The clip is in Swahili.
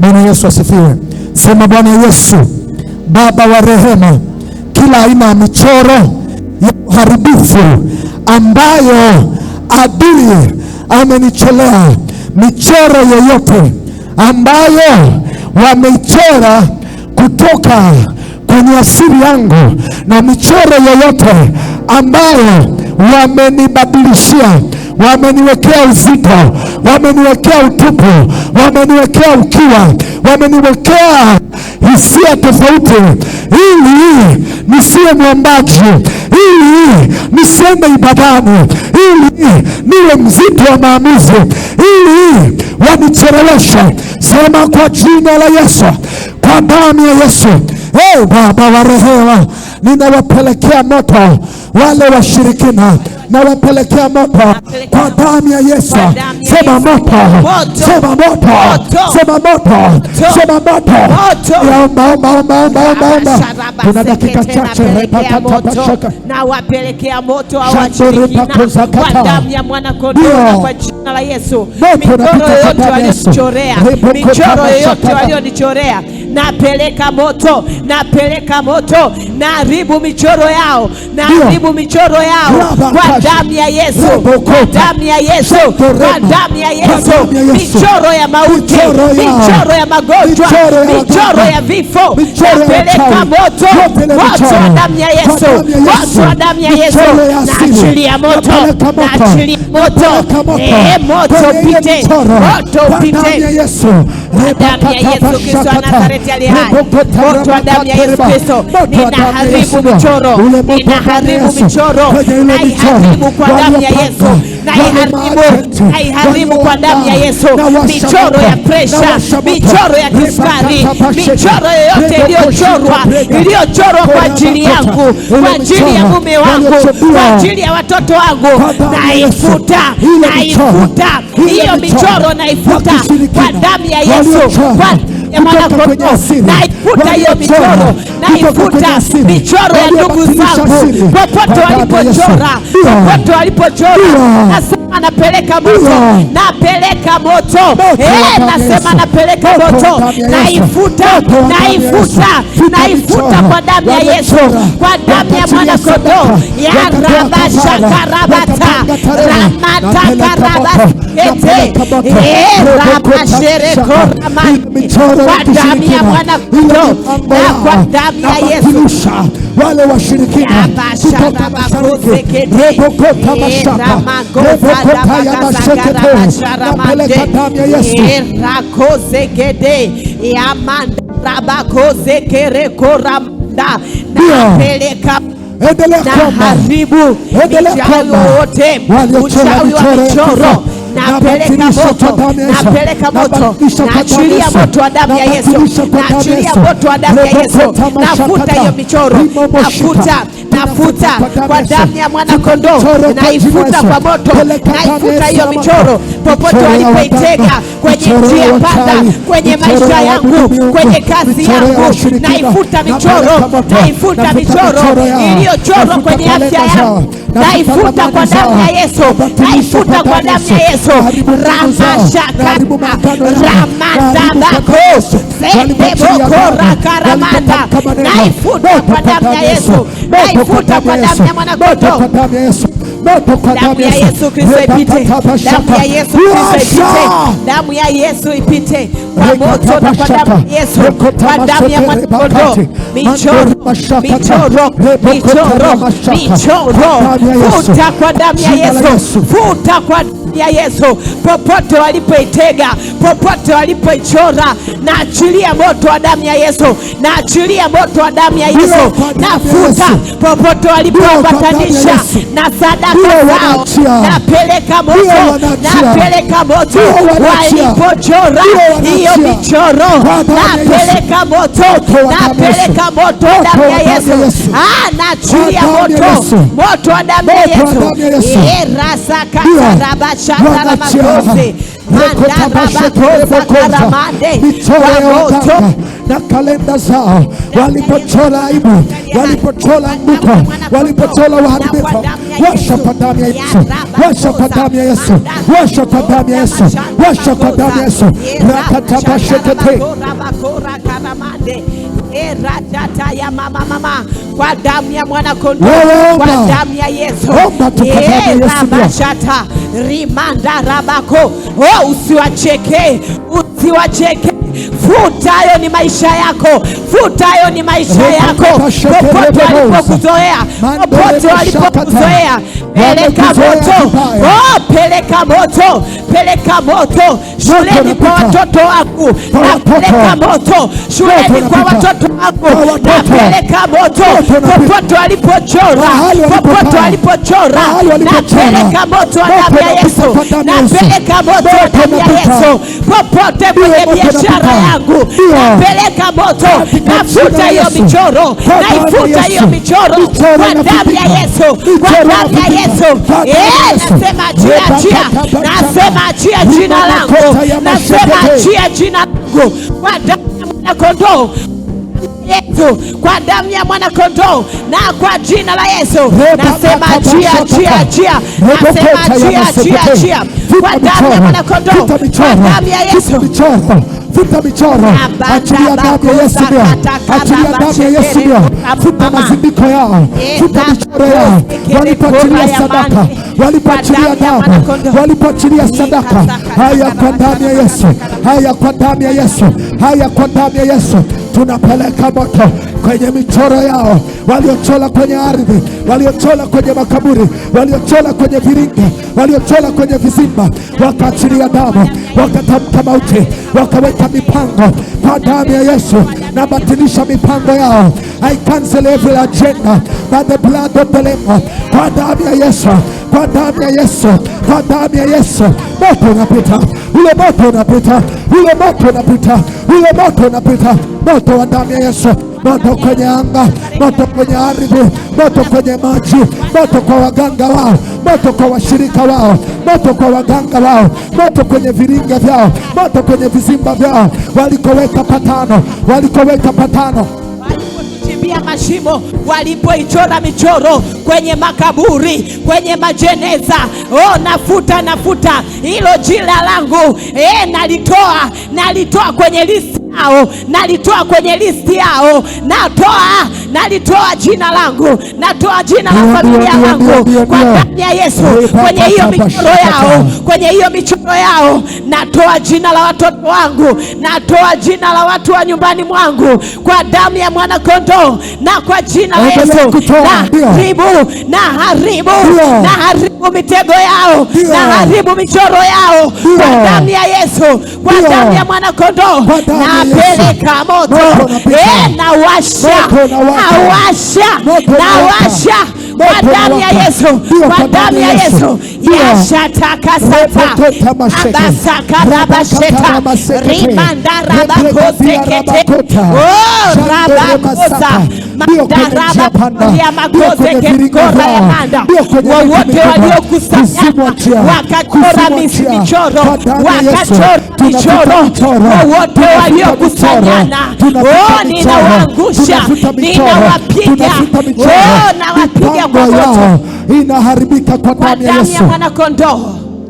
Bwana Yesu asifiwe. Sema Bwana Yesu, Baba wa rehema, kila aina ya michoro ya uharibifu ambayo adui amenicholea, michoro yoyote ambayo wameichora kutoka kwenye asili yangu, na michoro yoyote ambayo wamenibadilishia wameniwekea uzito, wameniwekea utupu, wameniwekea ukiwa, wameniwekea hisia tofauti, ili nisiwe mwombaji, ili nisiende ibadani, ili niwe mzito wa maamuzi, ili wanicheleweshe. Sema kwa jina la Yesu, kwa damu ya Yesu. Hey, Baba warehewa ninawapelekea moto wale washirikina nawapelekea moto kwa damu ya Yesu. Sema moto, sema moto, sema moto, sema moto. Omba, omba, omba, omba, omba. Tuna dakika chache, nawapelekea moto kwa damu ya mwana kondoo na kwa jina la Yesu. Michoro yoyote walionichorea, michoro yoyote walionichorea napeleka moto, napeleka moto, naharibu michoro yao, naharibu michoro yao kwa damu ya Yesu, kwa damu ya Yesu, kwa damu ya Yesu, michoro ya mauti, michoro ya magonjwa, michoro ya vifo, napeleka moto, moto wa damu ya Yesu, moto eh, wa damu ya Yesu, naachilia moto, naachilia moto, moto upite, moto upite damu ya ya Yesu Kristo, ya kwa damu ya Yesu, michoro ya presha, michoro ya kisukari, michoro yoyote iliyochorwa, iliyochorwa kwa ajili yangu, kwa ajili ya mume wangu, kwa ajili ya watoto wangu, naifuta, naifuta hiyo michoro, naifuta kwa damu ya Yesu ya mwanakondoo hiyo michoro na michoro ya ndugu zangu popote walipochora, popote walipochora, nasema napeleka moto, napeleka moto, eh, nasema napeleka moto, naifuta, naifuta, naifuta kwa damu ya Yesu, kwa damu ya mwanakondoo ya rabashakarabata ramatakarabata kwa damu ya Yesu wale washirikina kutoka mashariki rebokota mashaka rebokota ya mashekete napeleka damu ya Yesu rakozegede yamanda rabakozekerekora da napeleka endelea haribu endelea kwamba wote waliochora michoro napeleka moto, napeleka moto, naachilia moto wa damu ya Yesu, naachilia moto wa damu ya Yesu, nafuta hiyo michoro, nafuta Nafuta kwa damu ya mwana kondoo, naifuta kwa moto, naifuta hiyo michoro popote walipoitega kwenye njia panda, kwenye maisha yangu, kwenye kazi yangu, naifuta michoro, naifuta michoro iliyochorwa kwenye afya yangu naifuta kwa damu ya Yesu, naifuta kwa damu ya Yesu. ramashaka ramadabako seteboko rakaramata naifuta kwa damu ya Yesu, naifuta kwa damu ya mwana kondoo. Damu ya Yesu Kristo ipite, damu ya Yesu Kristo ipite, damu ya Yesu ipite kwa moto na kwa damu ya Yesu, kwa damu ya mwana kondoo. Michoro, michoro, michoro, michoro, futa kwa damu ya Yesu, futa kwa damu ya Yesu popote walipoitega, popote walipoichora, na achilia moto wa damu ya Yesu, na achilia moto wa damu ya Yesu, nafuta popote walipoambatanisha na sadaka zao, napeleka moto, napeleka moto walipochora hiyo michoro, napeleka moto, napeleka moto wa damu ya Yesu, nachilia moto, moto wa damu ya Yesu erasakaarabas shanda la makoze mandarabakosaramande na kalenda zao walipochora aibu, walipochora mbuko, walipochora uharibifu, washa kwa damu ya Yesu, washa kwa damu ya Yesu, washa kwa damu ya Yesu, washa kwa damu ya Yesu rakatabashekete eradata ya mama mama, kwa damu ya mwana kondoo, kwa damu ya Yesu erabashata rimanda rabako. Oh, usiwacheke usiwacheke Futayo ni maisha yako, futayo ni maisha yako. Popote walipokuzoea, popote walipokuzoea, peleka moto, oh, peleka moto, peleka moto shuleni kwa watoto wangu, napeleka moto shuleni kwa watoto wangu, napeleka moto popote walipochora, popote walipochora, napeleka moto damu ya Yesu, napeleka moto damu ya Yesu popote kwenye biashara maisha yangu, napeleka moto, nafuta hiyo michoro, naifuta hiyo michoro kwa damu ya Yesu, kwa damu ya eh, Yesu. Nasema achia, achia, nasema achia jina langu, nasema achia jina langu kwa damu ya mwanakondoo Yesu, kwa damu ya mwana kondoo na kwa jina la Yesu, nasema achia, achia, achia, nasema achia, achia, achia, kwa damu ya mwana kondoo, kwa damu ya Yesu. Futa michoro, achilia damu ya Yesu achilia damu ya Yesu mio Futa mazindiko yao, futa michoro yao. Walipoachilia sadaka, walipoachilia damu, walipoachilia sadaka. Haya kwa damu ya Yesu, haya kwa damu ya Yesu, haya kwa damu ya Yesu tunapeleka moto kwenye michoro yao waliochola kwenye ardhi, waliochola kwenye makaburi, waliochola kwenye viringi, waliochola kwenye vizimba, wakaachilia damu, wakatamka mauti, wakaweka mipango. Kwa damu ya Yesu nabatilisha mipango yao. I cancel every agenda by the blood of the Lamb. Kwa damu ya Yesu, kwa damu ya Yesu, kwa damu ya Yesu, moto unapita ule moto unapita, ule moto unapita, ule moto unapita, moto wa damu ya Yesu, moto kwenye anga, moto kwenye ardhi, moto kwenye maji, moto kwa waganga wao, moto kwa washirika wao, moto kwa waganga wao, moto kwenye viringa vyao, moto kwenye vizimba vyao, walikoweka patano, walikoweka patano kuchimbia mashimo, walipoichora michoro kwenye makaburi, kwenye majeneza. Oh, nafuta nafuta hilo jina langu, eh, nalitoa nalitoa kwenye list yao, nalitoa kwenye listi yao, natoa nalitoa jina langu, natoa jina la familia yangu kwa damu ya Yesu. Kwenye hiyo michoro yao, kwenye hiyo michoro yao, natoa jina la watoto wangu, natoa jina la watu wa nyumbani mwangu kwa damu ya mwana kondoo na kwa jina la Yesu, na haribu na haribu na haribu Mungu mitego yao na haribu michoro yao kwa damu ya Yesu, kwa damu ya na peleka moto, eh, nawasha washa nawasha kwa damu ya Yesu, kwa damu ya Yesu yashatakasata abasakatabasheta rimandarabakosekete rabakosa mandarabakoyamakozekekorayamanda wowote waliokusanyika wakachora michoro wakachora michoro wowote waliokusanyana oh, ninawaangusha ninawapiga oh, nawapiga milango yao inaharibika kwa damu ya Yesu.